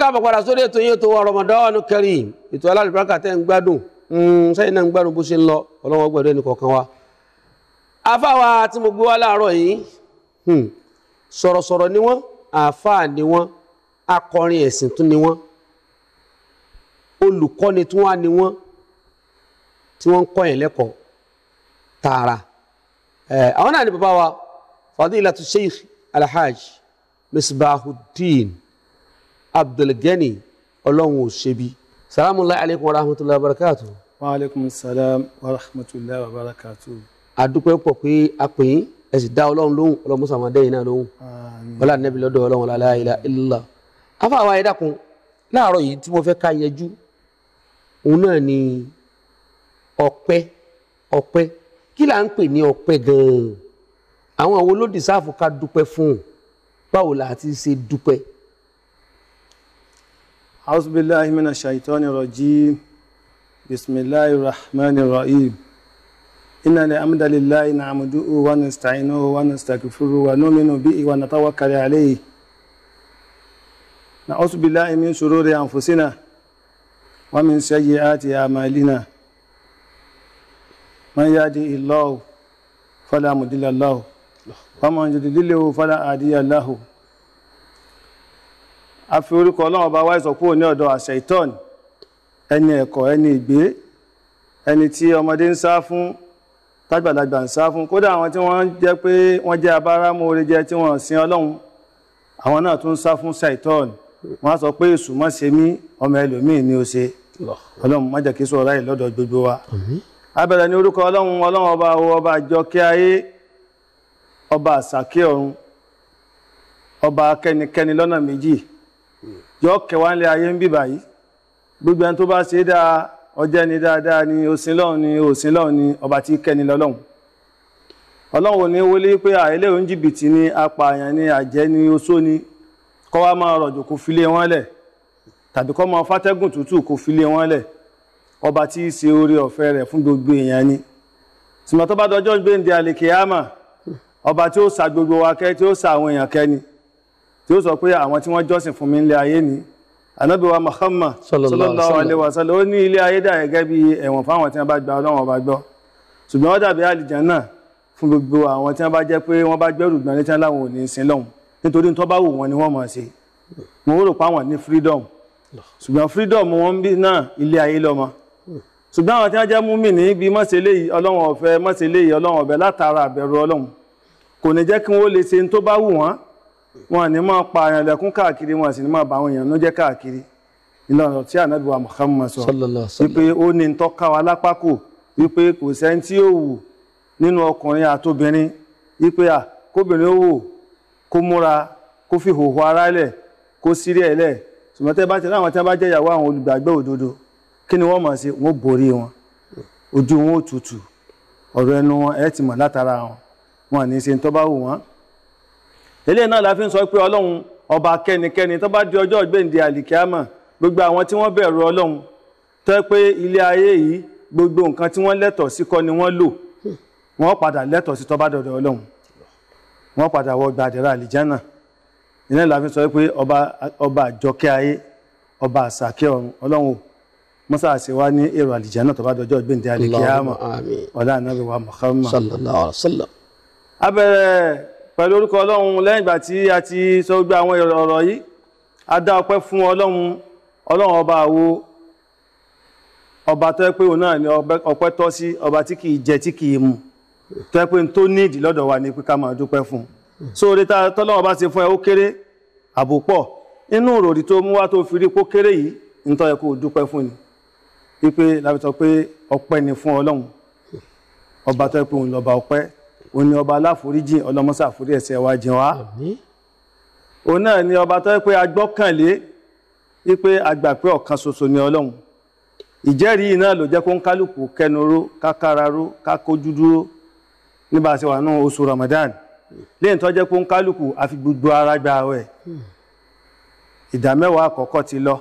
káàbọ̀ padà sórí ètò yín ètò wa Ramadan Kareem ètò alálùbáríkà tẹ́ ń gbádùn hmm, sẹ́yìn náà ń gbádùn bó ṣe ń lọ ọlọ́wọ́n gbẹ̀rẹ̀ ẹnì kọ̀ọ̀kan wa. afáwa tí mo gbé wá láàárọ̀ yìí hmm, sọ̀rọ̀sọ̀rọ̀ ni wọ́n àáfàá ni wọ́n akọrin ẹ̀sìn tún ni wọ́n olùkọ́ni tún wá ni wọ́n tí wọ́n ń kọ́ yẹn lẹ́kọ̀ọ́ tààrà àwọn náà ni bàbá wa Fadilatu Sheikh Alhaji Misbahuddin abdulgani ọlọ́run ò ṣebi salamullahi aleykum wa rahmatulahi wa barakatu. wa aleykum salam wa rahmatulahi wa barakatu. àdúpẹ́ pọ̀ pé a pè é ẹ sì dá ọlọ́run lóhùn ọlọ́run musa máa dẹ́yìn náà lóhùn ọlá nẹ́bí lọ́dọ̀ ọlọ́run la ilaha illallah. afa àwa ẹ̀dá kun láàárọ̀ yìí tí mo fẹ́ ká yẹjú òun náà ni ọ̀pẹ ọ̀pẹ kí là ń pè ní ọ̀pẹ gan-an àwọn àwọn olódìsáàfù ká dúpẹ́ fún un báwo la ti ṣe dúpẹ́ أعوذ بالله من الشيطان الرجيم بسم الله الرحمن الرحيم إن الحمد لله نعمده ونستعينه ونستغفره ونؤمن به ونتوكل عليه نعوذ بالله من شرور أنفسنا ومن سيئات أعمالنا من يهده الله فلا مضل له ومن يضلله فلا هادي له a fi orúkọ ọlọ́run bá wá ìsọ̀kúrò ní ọ̀dọ̀ àṣẹ ìtọ́ni ẹni ẹ̀kọ́ ẹni ìgbé ẹni tí ọmọdé ń sá fún tágbàlagbà ń sá fún kódà àwọn tí wọ́n jẹ́ pé wọ́n jẹ́ abáramóore jẹ́ tí wọ́n sin ọlọ́run àwọn náà tún sá fún ṣàìtọ́ọ̀nù wọ́n á sọ pé èṣù mọ́ ṣe mí ọmọ ẹlòmíì ni ó ṣe ọlọ́run má jẹ́ kí sọ ọ̀rá yìí lọ́dọ̀ gbogbo wa abẹ̀rẹ̀ ní orúkọ ọlọ́run ọlọ́run ọba ọba àjọkẹ́ ayé ọba àsàkẹ́ ọ̀run ọba akẹ́nikẹ́ni lọ́nà méjì yọ kẹwàá ńlẹ ayé ń bìbà yìí gbogbo ẹni tó bá ṣe dáa ni dáadáa ni ni ọba tí kẹni ọlọ́run ni wọlé pé òun jìbìtì ni apààyàn ni àjẹ́ ni oṣó ni kọ́ wa máa rọ̀jò wọn lẹ̀ tàbí kọ́ máa fátẹ́gùn tútù ọba tí ṣe ọ̀fẹ́ rẹ̀ gbogbo èèyàn ni tìmọ̀tọ́ bá dọjọ́ gbé ń ọba tí ó sa gbogbo wa tí ó sa àwọn èèyàn tí ó sọ pé àwọn tí wọ́n jọ́sìn fún mi ilé ayé ni ànábì wa Muhammad sallallahu alaihi wa sallam ó ní ilé ayé dà gẹ́gẹ́ bí ẹ̀wọ̀n fáwọn tí wọ́n bá gba Ọlọ́run ọba gbọ́ ṣùgbọ́n ó dàbí àlìjánà fún gbogbo àwọn tí wọ́n bá jẹ́ pé wọ́n bá gbẹ́rù gbọ́n létí láwọn ò sin lọ́hùn nítorí tó bá wù wọ́n ni wọ́n máa ṣe mo rò pé àwọn ní freedom ṣùgbọ́n freedom wọn bí náà ilé ayé lọ́mọ ṣùgbọ́n àwọn tí wọ́n jẹ́ múmi ní ibi mọ́sẹ̀lẹ́ yìí Ọlọ́run ọ̀fẹ́ mọ́sẹ̀lẹ́ yìí Ọlọ́run ọ̀bẹ látara àbẹ̀rù Ọlọ́run kò ní jẹ́ kí wọ́n lè ṣe ní tó bá wù wọ́n wọn ni máa pa àyàn lẹ́kún káàkiri wọn sì ni máa bá àwọn èèyàn ló jẹ́ káàkiri ìlànà tí ànábì wa Muhammad sọ wípé ó ní ń tọ́ka wa lápákò wípé kò sẹ́ni tí ó wù nínú ọkùnrin àtobìnrin wípé à kóbìnrin ó wò kó múra kó fi hòhò ara lẹ̀ kó sírí ẹ̀ lẹ̀ ṣùgbọ́n tẹ́ bá ti láwọn tí wọ́n bá jẹ́ ìyàwó àwọn olùgbàgbẹ́ òdodo kí ni wọ́n máa ṣe wọ́n borí wọn ojú wọn ó tutù ọ̀rọ̀ ẹnu wọn ẹ̀ ti mọ̀ látara wọn wọn à ní ṣe ń tó bá wù wọ́n eléyìí náà la fi ń sọ pé ọlọ́run ọba kẹnikẹni tó bá di ọjọ́ ìgbéǹde àlìkíámà gbogbo àwọn tí wọ́n bẹ̀rù ọlọ́run tó pé ilé ayé yìí gbogbo nǹkan tí wọ́n lẹ́tọ̀ọ́ sí kọ́ ni wọ́n lò wọ́n padà lẹ́tọ̀ọ́ sí tó bá dọ̀dọ̀ ọlọ́run wọ́n padà wọ gbàdẹ̀rà àlìjánà ìnáà la fi sọ pé ọba ọba àjọkẹ́ ayé ọba àsàkẹ́ ọ̀run ọlọ́run musa ṣe wá ní èrò àlìjánà tó bá dọjọ́ ìgbéǹde àlìkíámà ọlá pẹ̀lú orúkọ ọlọ́run lẹ́yìn ìgbà tí a ti sọ gbé àwọn ọ̀rọ̀ yìí a dá ọpẹ́ fún ọlọ́run ọlọ́run ọba àwo ọba tó yẹ pé òun náà ni ọpẹ́ tọ́ sí ọba tí kìí jẹ tí kìí mu tó yẹ pé n tó ní ìdí lọ́dọ̀ wa ni pé ká máa dúpẹ́ fún un so orí ta tọ́lọ́run bá ṣe fún ẹ ó kéré àbò pọ̀ inú òròrí tó mú wá tó fi rí pó kéré yìí ń tọ́ yẹ kó dúpẹ́ fún ni wípé lábẹ́tọ̀ pé ọpẹ́ ni fún ọlọ́run ọba tó pé òun lọ́ba ọpẹ́ òun ni ọba aláforíjìn ọlọ́mọsá àforí ẹ̀ṣẹ̀ wa jìn wá òun náà ni ọba tó yẹ pé agbọ́kànlé wípé àgbà pé ọ̀kan ṣoṣo ni ọlọ́run ìjẹ́rìí yìí náà ló jẹ́ kó ń kálukú kẹnuró kákáraró kákójú dúró nígbà tí wà nù oṣù Ramadan lẹ́yìn tó jẹ́ kó ń kálukú àfi gbogbo ara gba àwẹ̀ ìdá mẹ́wàá ti lọ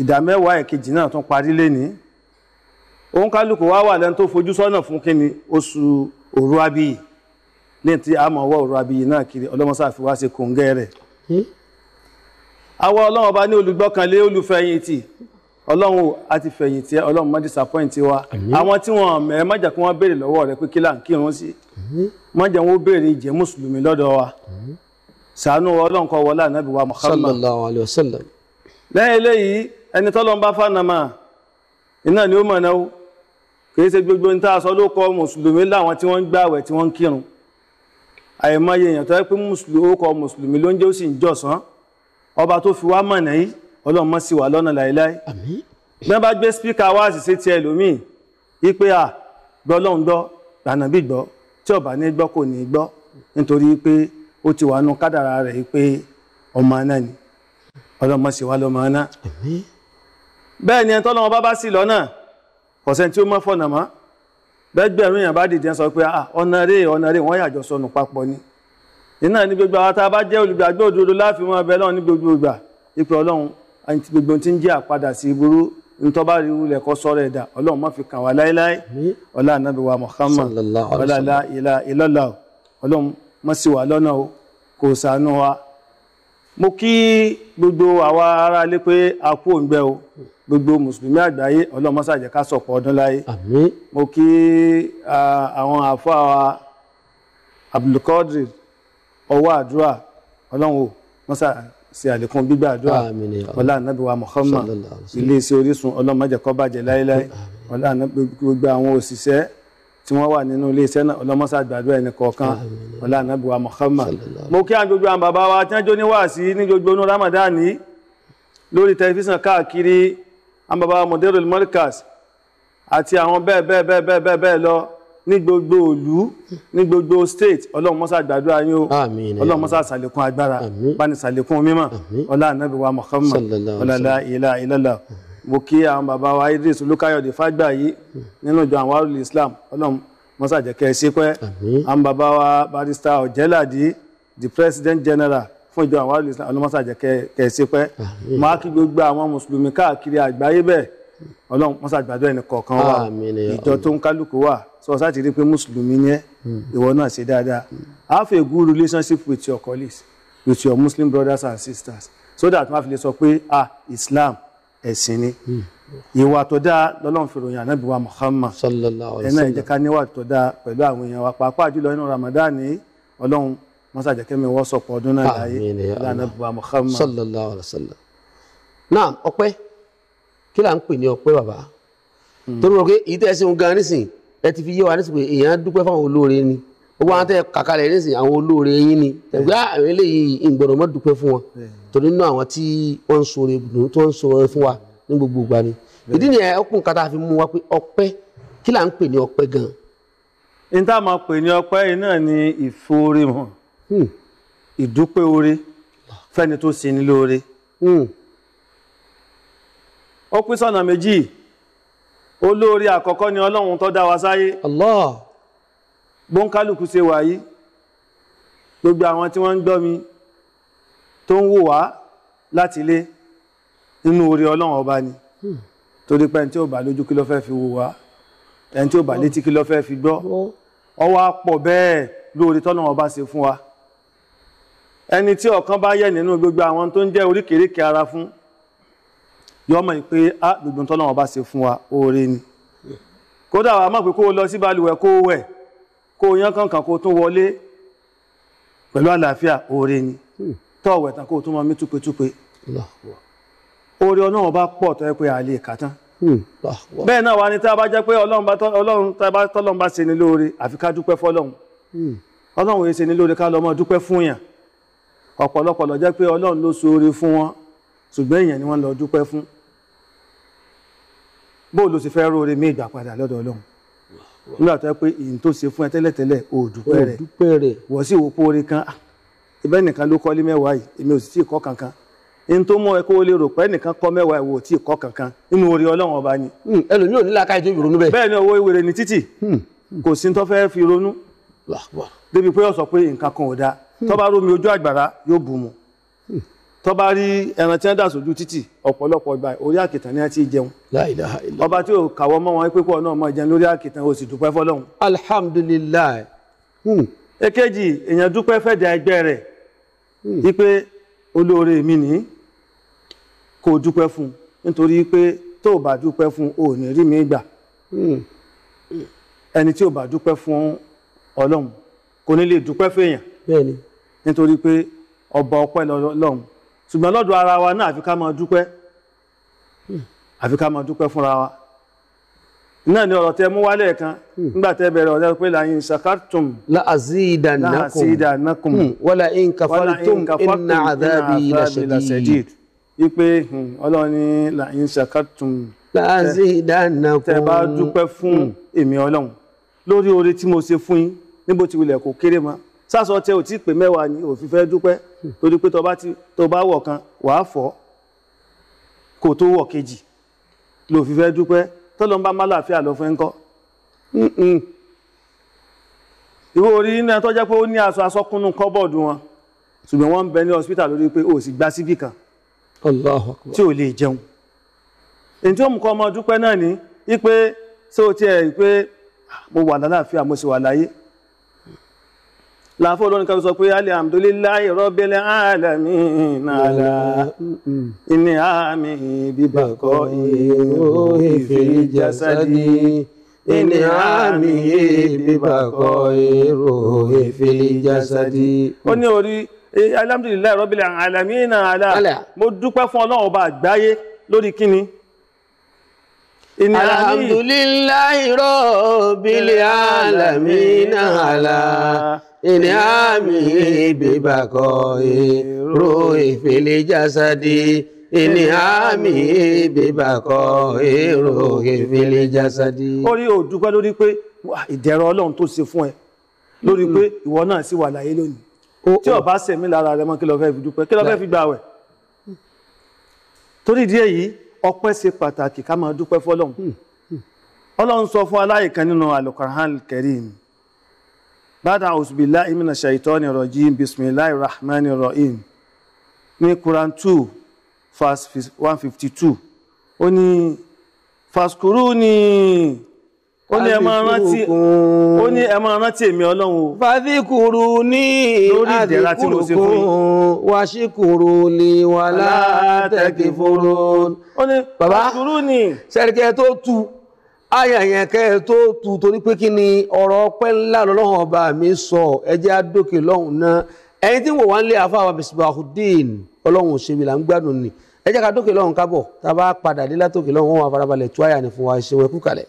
ìdá mẹ́wàá náà tún parí lẹ́ni òun kálukú wá wà lẹ́nu tó fojú sọ́nà fún kíni oṣù òru abiy lẹ́yìn tí a mọ̀ wọ́ òru abiy náà kiri ọlọ́mọsá fi wá sí kòǹgẹ́ rẹ̀ àwọn hmm? ọlọ́run ọba ní olùgbọ́kànlé olùfẹ̀yìntì ọlọ́run a ti fẹ̀yìntì ọlọ́run má disappoint wa àwọn tí wọ́n mẹ́ má jẹ́ kí wọ́n béèrè lọ́wọ́ rẹ pé kí là ń kírun sí má jẹ́ wọ́n béèrè ìjẹ́ mùsùlùmí lọ́dọ̀ wa ṣàánú ọlọ́run kọ́ wọlé ànábì wa Muhammad sallallahu alayhi wa sallam lẹ́yìn eléyìí ẹni tọ́lọ́run ni ó mọ̀ náà kìí ṣe gbogbo ní tá a sọ ló kọ mùsùlùmí láwọn tí wọ́n ń gbàwẹ̀ tí wọ́n ń kírun àìmọye èèyàn tó yẹ pé mùsùlùmí ó kọ mùsùlùmí ló ń jẹ́ ó sì ń jọ̀sán ọba tó fi wá mọ̀nà yìí ọlọ́run mọ́ sí wa lọ́nà láéláé bí wọ́n bá gbé spíkà wá àṣìṣe ti ẹlòmíì wípé à gbọ́ lọ́hùn gbọ́ gbànà bí gbọ́ tí ọba ní gbọ́ kò ní gbọ́ nítorí pé ó ti wà nù kádàrà rẹ̀ pé ọmọ náà ni ọlọ́run mọ́ bẹ́ẹ̀ ni ẹni tọ́lọ́run bá bá lọ́nà kọ̀sẹ̀ tí ó mọ́ fọ̀nà mọ́ bẹ́gbẹ̀rún èèyàn bá dìde sọ pé ọ̀nà rẹ̀ ọ̀nà rẹ̀ wọ́n yàjọ sọnù papọ̀ ni iná ní gbogbo àwọn tá a bá jẹ́ olùgbàgbọ́ òdodo láàfin wọn ọbẹ̀ lọ́wọ́ ní gbogbo ìgbà ipò ọlọ́run àti gbogbo tí ń jẹ́ àpadà sí burú ntọ́ba rí wulẹ̀ kọ́ sọ́rọ̀ ẹ̀dá ọlọ́run má fi kàn wá láéláé ọlá anábì wa Muhammad ọlá ilá ìlọ́lá ọlọ́run má ṣì wá lọ́nà o kò ṣàánú wa mo kí gbogbo àwa ará ilé pé a kú òǹgbẹ o gbogbo mùsùlùmí àgbáyé ọlọ́mọsàjẹ́ ká sọ̀pọ̀ ọdún láyé àmín mo kí àwọn àfọ́ àwa abdulkadir ọwọ́ àdúrà ọlọ́run ò mọ́sà ṣe àlékún gbígbà àdúrà ọlá ànábì wa Muhammad ilé iṣẹ́ Orísun ọlọ́mọdé kó bàjẹ́ láéláé ọlá ànábì gbogbo àwọn òṣìṣẹ́ tí wọ́n wà nínú iléeṣẹ́ náà ọlọ́mọ́sá gbàdúrà ẹni kọ̀ọ̀kan ọlá ànábì wa Muhammad mo kí àwọn gbogbo àwọn bàbá wa tí wọ́n jó ní wàásí ní gbogbo inú Ramadan ní lórí tẹlifíṣàn káàkiri àwọn bàbá wa Mudirul Markaz àti àwọn bẹ́ẹ̀ bẹ́ẹ̀ bẹ́ẹ̀ bẹ́ẹ̀ bẹ́ẹ̀ bẹ́ẹ̀ lọ ní gbogbo ìlú ní gbogbo state ọlọ́mọ́sá gbàdúrà yín mo àwọn bàbá wa Idris Olúkáyọ̀dé Fágbàyí nínú ìjọ àwọn arúlé Islam Ọlọ́run mọ́sàjẹ́kẹ́ ẹ àwọn bàbá wa Barrister Ọ̀jẹ́ládì the President General fún ìjọ àwọn arúlé Islam Ọlọ́run mọ́sàjẹ́kẹ́ ẹ ṣe máa kí gbogbo àwọn mùsùlùmí káàkiri àgbáyé bẹ́ẹ̀ Ọlọ́run mọ́sàgbàdo ẹnì kọ̀ọ̀kan wà ìjọ tó ń kálukú wà sọ sáà ti rí pé mùsùlùmí ni ẹ hmm. ìwọ náà ṣe dáadáa have hmm. a good relationship with your colleagues with your Muslim brothers and sisters so that wọ́n á fi lè sọ pé ah Islam ẹ̀sìn ni hmm. ìwà tó dáa lọ́lọ́run fi ròyìn ànábì wa Muhammad sallallahu alaihi wasallam ẹ̀nà ìjẹ́ká níwà tó dáa pẹ̀lú àwọn èèyàn wa pàápàá jùlọ inú Ramadan ní ọlọ́run mọ́sàjẹ́kẹ́mi wọ́n sọ̀pọ̀ ọdún náà láyé ànábì wa Muhammad sallallahu alaihi wasallam náà ọpẹ́ kí là ń pè ní ọpẹ́ bàbá hmm. torí wọn pé ìtẹ́sìn gan nísìn ẹ ti fi yé wa nísìn èèyàn dúpẹ́ fáwọn olóore ni gbogbo àwọn tẹ kàkàlẹ̀ ní sìn àwọn ni ẹgbẹ́ àwọn eléyìí ìgbọ̀nà mọ́ dúpẹ́ fún wọn torí náà àwọn tí so re sọ̀rọ̀ to tó ń wa ní gbogbo ìgbà ni ìdí nìyẹn ta fi mú wa ọpẹ kila kí là ń gan. n ma pe pè ní náà ni ìfòore hàn hmm. fẹ́ni tó hmm. ó pín méjì ni ọlọ́run tó bọ́ńkálùkù ṣe wà yìí gbogbo àwọn tí wọ́n ń gbọ́ mi tó ń wò wá láti ilé nínú orí ọlọ́run ọba ni hmm. torí pé tí ó bá lójú kí ló fẹ́ fi wò wá ẹni tí ó bá létí kí ló fẹ́ fi gbọ́ ọwọ́ pọ̀ bẹ́ẹ̀ lórí tọ́lọ́run ọba ṣe fún wa ẹni tí ọ̀kan bá yẹ̀ nínú gbogbo àwọn tó ń jẹ́ oríkèéríkèé ara fún yọmọ yìí pé á ah, gbogbo tọ́lọ́run ọba ṣe fún wa oore ni hmm. kódà wàá mọ̀ pé kó o lọ sí balùwẹ̀ kó wẹ̀ kó yán kankan kó tún wọlé pẹ̀lú àlàáfíà oore ni hmm. tọ́ ọ̀wẹ̀ tán kó tún mọ mí túpetúpe oore ọlọ́run bá pọ̀ tó yẹ pé àlè kà tán hmm. bẹ́ẹ̀ náà wà ní tá a bá jẹ́ pé ọlọ́run tá a bá tọ́lọ́run bá ṣe ni lóore àfi ká dúpẹ́ fọlọ́run hmm. ọlọ́run yìí ṣe ni lóore ká lọ́mọ dúpẹ́ fún yàn ọ̀pọ̀lọpọ̀ ló jẹ́ pé ọlọ́run ló so oore fún wọn ṣùgbọ́n èèyàn ni wọ́n lọ dúpẹ́ fún bóòlù sì fẹ́ róore mí ìgbà padà lọ́dọ̀ ọlọ́run nígbà tó yẹ pé ìyìn tó ṣe fún ẹ tẹ́lẹ̀tẹ́lẹ̀ òdùpẹ́ rẹ̀ òdùpẹ́ rẹ̀ wọ́n sì wò pé orin kan ah, ibẹ̀ nìkan ló kọ́lé mẹ́wàá yìí èmi ò sì tí ì kọ́ kankan n tó mọ ẹ kó o lè rò pé ẹnìkan kọ mẹ́wàá ìwò tí kọ kankan nínú orí Ọlọ́run ọba ni. Hmm, ẹlòmíì ò ní làákàyè tó ìrònú bẹ́ẹ̀. bẹ́ẹ̀ ni owó ìwèrè ní títì hmm. kò sí tó fẹ́ẹ́ fi ronú. débi pé ó tó bá rí ẹran tí wọ́n dà sójú títì ọ̀pọ̀lọpọ̀ ìgbà orí àkìtàn ni wọ́n ti jẹun. ọba tí ò kàwọ́ mọ́ wọn pípọ̀ náà mọ̀ jẹun lórí àkìtàn o sì dúpẹ́ fọlọ́run. alhamdulilayi. Hmm. èkejì èèyàn dúpẹ́ fẹ̀dẹ̀ ẹgbẹ́ rẹ̀ hmm. wípé olóore mi ní kò dúpẹ́ fún nítorí pé tó o bá dúpẹ́ fún o ò ní rí mi gbà hmm. ẹni tí o bá dúpẹ́ fún ọlọ́run kò ní lè dúpẹ́ fèèyàn nítorí pé ọba ọpẹ́ lọ́lọ́run ṣùgbọ́n lọ́dọ̀ ara wa náà àfi máa dúpẹ́ fúnra wa náà ni ọ̀rọ̀ tẹ mú wálẹ̀ kan nígbà bẹ̀rẹ̀ ọ̀rẹ́ pé làyín sakartum láàzídànákùn hmm, wọ́lá in kafartum inna àdábì laṣadid ipe ọlọ́ni láàzídànákùn sásọ tẹ ò tí pé mẹ́wàá ni òfin fẹ́ dúpẹ́ torí pé tó bá ti tó bá wọ̀ kan wàá fọ́ kò tó wọ̀ kejì lòfin fẹ́ dúpẹ́ tọ́lọ́ ń bá má láàfíà lọ fẹ́ ń kọ́ ìwé orí iná tó jẹ́ pé ó ní aṣọ asọ́kúnnú kọ́bọ̀dù wọn ṣùgbọ́n wọ́n ń bẹ ní hospital lórí pé ó sì gba síbì kan tí ò lè jẹun èyí tí ó mú kọ́ ọmọ dúpẹ́ náà ní wípé ṣé o tiẹ̀ pé ah, mo wà lálàáfíà mo sì wà láyé láàfọ́ olórin kan sọ pé alhamdulillahi rabbil alamin nàlá ìní àmì bíbàkọ́ ìhó ìfẹ́ ìjásádì ìní àmì bíbàkọ́ ìhó ìfẹ́ ìjásádì. ó ní orí eh, alhamdulillahi rabbil alamin nàlá mo dúpẹ́ fún ọlọ́run ọba àgbáyé lórí kíni alhamdulillahi rabbil alamin nàlá ìní àmì ìbíbàkọ èrò ìfèlè jásádì ìní àmì ìbíbàkọ èrò ìfèlè jásádì. ó rí òdúpẹ́ lórí pé ìdẹ̀rọ ọlọ́run tó ṣe fún ẹ lórí pé hmm. ìwọ náà sì wà láyé lónìí tí o bá sẹ̀mí lára rẹ mọ́ kí lo fẹ́ fi dúpẹ́ kí lo fẹ́ fi gbà wẹ̀ torí ìdí èyí ọpẹ́ ṣe pàtàkì ká máa dúpẹ́ fọlọ́run hmm. Hmm. ọlọ́run sọ fún aláìkan nínú Al-Qur'an al bada ausbila imina shaitani rajim bismillahi rahmani rahim ní quran 2 verse 152 fifty two ó ní faskuru ni ó ní ẹ máa rántí ó ní ẹ máa rántí èmi ọlọ́run. fàdíkùrú ní àdìkùrùkù wàṣíkùrú ni wàlá tẹkìfòrò. ó ní faskuru ni. sẹ́ríkẹ́ tó tu àyà yẹn kẹ́ ẹ tó tu torí pé kí ni ọ̀rọ̀ ọpẹ́ ńlá lọ́lọ́hàn ọba mi sọ ẹjẹ́ àdókè lọ́hùn náà ẹni tí wọ́n wá ń lé àfa àwọn Misbahuddin ọlọ́hùn òṣèlú là ń gbádùn ni ẹjẹ́ ká dókè lọ́hùn kábọ̀ tá a bá padà dé látòkè lọ́hùn wọn wà farabalẹ̀ tú àyà ní fún wa ṣe wọn kú kalẹ̀.